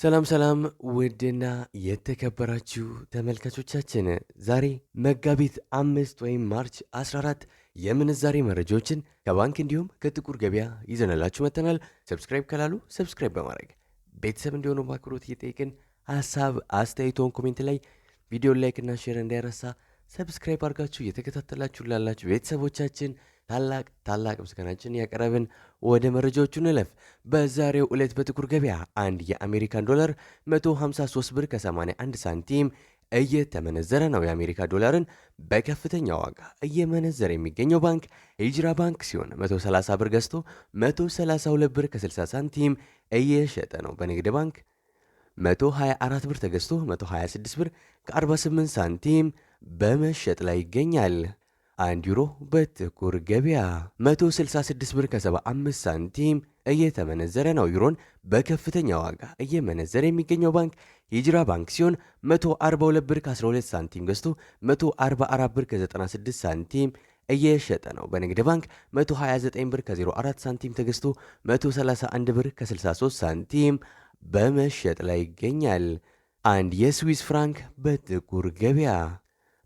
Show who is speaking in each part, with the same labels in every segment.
Speaker 1: ሰላም ሰላም ውድና የተከበራችሁ ተመልካቾቻችን ዛሬ መጋቢት አምስት ወይም ማርች 14 የምንዛሬ መረጃዎችን ከባንክ እንዲሁም ከጥቁር ገበያ ይዘንላችሁ መጥተናል። ሰብስክራይብ ካላሉ ሰብስክራይብ በማድረግ ቤተሰብ እንዲሆኑ በአክብሮት እየጠየቅን ሀሳብ አስተያየቶን ኮሜንት ላይ ቪዲዮ ላይክና ሼር እንዳይረሳ ሰብስክራይብ አድርጋችሁ እየተከታተላችሁ ላላችሁ ቤተሰቦቻችን ታላቅ ታላቅ ምስጋናችን ያቀረብን ወደ መረጃዎቹ እንለፍ። በዛሬው ዕለት በጥቁር ገበያ አንድ የአሜሪካን ዶላር 153 ብር ከ81 ሳንቲም እየተመነዘረ ነው። የአሜሪካ ዶላርን በከፍተኛ ዋጋ እየመነዘረ የሚገኘው ባንክ ሂጅራ ባንክ ሲሆን 130 ብር ገዝቶ 132 ብር ከ60 ሳንቲም እየሸጠ ነው። በንግድ ባንክ 124 ብር ተገዝቶ 126 ብር ከ48 ሳንቲም በመሸጥ ላይ ይገኛል። 1 ዩሮ በጥቁር ገበያ 166 ብር ከ75 ሳንቲም እየተመነዘረ ነው። ዩሮን በከፍተኛ ዋጋ እየመነዘረ የሚገኘው ባንክ ሂጅራ ባንክ ሲሆን 142 ብር ከ12 ሳንቲም ገዝቶ 144 ብር ከ96 ሳንቲም እየሸጠ ነው። በንግድ ባንክ 129 ብር ከ04 ሳንቲም ተገዝቶ 131 ብር ከ63 ሳንቲም በመሸጥ ላይ ይገኛል። አንድ የስዊስ ፍራንክ በጥቁር ገበያ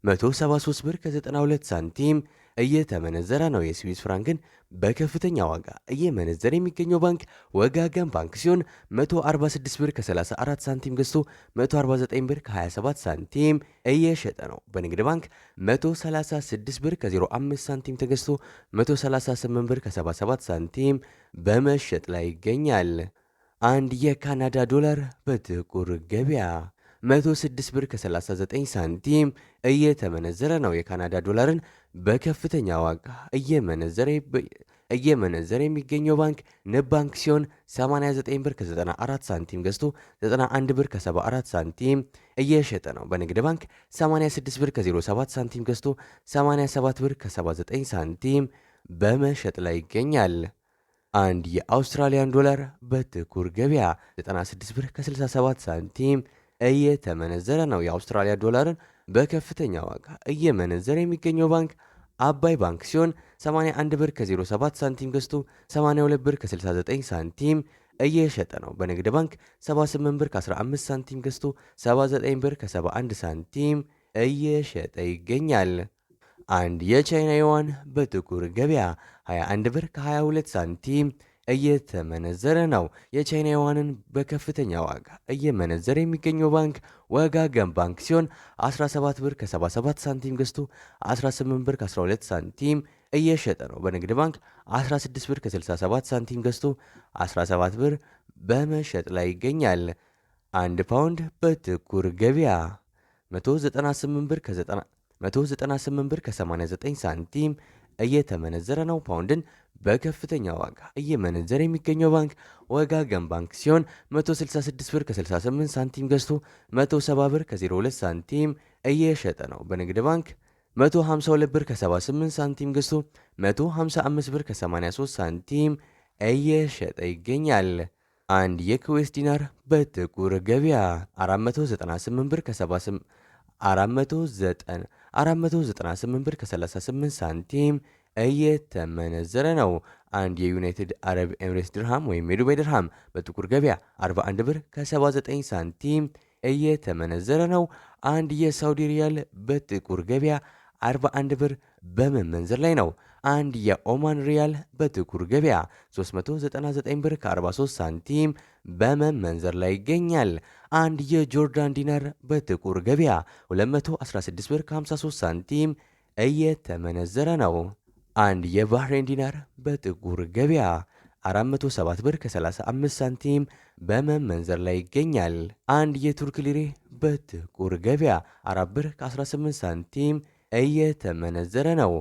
Speaker 1: 173 ብር ከ92 ሳንቲም እየተመነዘረ ነው። የስዊስ ፍራንክን በከፍተኛ ዋጋ እየመነዘረ የሚገኘው ባንክ ወጋገን ባንክ ሲሆን 146 ብር ከ34 ሳንቲም ገዝቶ 149 ብር ከ27 ሳንቲም እየሸጠ ነው። በንግድ ባንክ 136 ብር ከ05 ሳንቲም ተገዝቶ 138 ብር ከ77 ሳንቲም በመሸጥ ላይ ይገኛል። አንድ የካናዳ ዶላር በጥቁር ገበያ 106 ብር ከ39 ሳንቲም እየተመነዘረ ነው። የካናዳ ዶላርን በከፍተኛ ዋጋ እየመነዘረ የሚገኘው ባንክ ንብ ባንክ ሲሆን 89 ብር ከ94 ሳንቲም ገዝቶ 91 ብር ከ74 ሳንቲም እየሸጠ ነው። በንግድ ባንክ 86 ብር ከ07 ሳንቲም ገዝቶ 87 ብር ከ79 ሳንቲም በመሸጥ ላይ ይገኛል። አንድ የአውስትራሊያን ዶላር በጥቁር ገበያ 96 ብር ከ67 ሳንቲም እየተመነዘረ ነው። የአውስትራሊያ ዶላርን በከፍተኛ ዋጋ እየመነዘረ የሚገኘው ባንክ አባይ ባንክ ሲሆን 81 ብር ከ07 ሳንቲም ገዝቶ 82 ብር ከ69 ሳንቲም እየሸጠ ነው። በንግድ ባንክ 78 ብር ከ15 ሳንቲም ገዝቶ 79 ብር ከ71 ሳንቲም እየሸጠ ይገኛል። አንድ የቻይና ዩዋን በጥቁር ገበያ 21 ብር ከ22 ሳንቲም እየተመነዘረ ነው። የቻይና ዩዋንን በከፍተኛ ዋጋ እየመነዘረ የሚገኘው ባንክ ወጋገን ባንክ ሲሆን 17 ብር ከ77 ሳንቲም ገዝቶ 18 ብር ከ12 ሳንቲም እየሸጠ ነው። በንግድ ባንክ 16 ብር ከ67 ሳንቲም ገዝቶ 17 ብር በመሸጥ ላይ ይገኛል። አንድ ፓውንድ በጥቁር ገበያ 198 ብር ከ98 ብር ከ89 ሳንቲም እየተመነዘረ ነው። ፓውንድን በከፍተኛ ዋጋ እየመነዘረ የሚገኘው ባንክ ወጋገን ባንክ ሲሆን 166 ብር ከ68 ሳንቲም ገዝቶ 170 ብር ከ02 ሳንቲም እየሸጠ ነው። በንግድ ባንክ 152 ብር ከ78 ሳንቲም ገዝቶ 155 ብር ከ83 ሳንቲም እየሸጠ ይገኛል። አንድ የኩዌስ ዲናር በጥቁር ገበያ 498 ብር ከ498 ብር ከ38 ሳንቲም እየተመነዘረ ነው። አንድ የዩናይትድ አረብ ኤምሬትስ ድርሃም ወይም የዱባይ ድርሃም በጥቁር ገበያ 41 ብር ከ79 ሳንቲም እየተመነዘረ ነው። አንድ የሳውዲ ሪያል በጥቁር ገበያ 41 ብር በመመንዘር ላይ ነው። አንድ የኦማን ሪያል በጥቁር ገበያ 399 ብር ከ43 ሳንቲም በመመንዘር ላይ ይገኛል። አንድ የጆርዳን ዲናር በጥቁር ገበያ 216 ብር ከ53 ሳንቲም እየተመነዘረ ነው። አንድ የባህሬን ዲናር በጥቁር ገበያ 407 ብር ከ35 ሳንቲም በመመንዘር ላይ ይገኛል። አንድ የቱርክ ሊሬ በጥቁር ገበያ 4 ብር ከ18 ሳንቲም እየተመነዘረ ነው።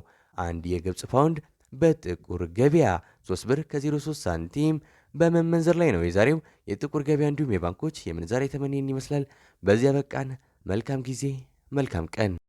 Speaker 1: አንድ የግብፅ ፓውንድ በጥቁር ገበያ 3 ብር ከ03 ሳንቲም በመመንዘር ላይ ነው። የዛሬው የጥቁር ገበያ እንዲሁም የባንኮች የምንዛሬ ተመኔን ይመስላል። በዚያ በቃን። መልካም ጊዜ፣ መልካም ቀን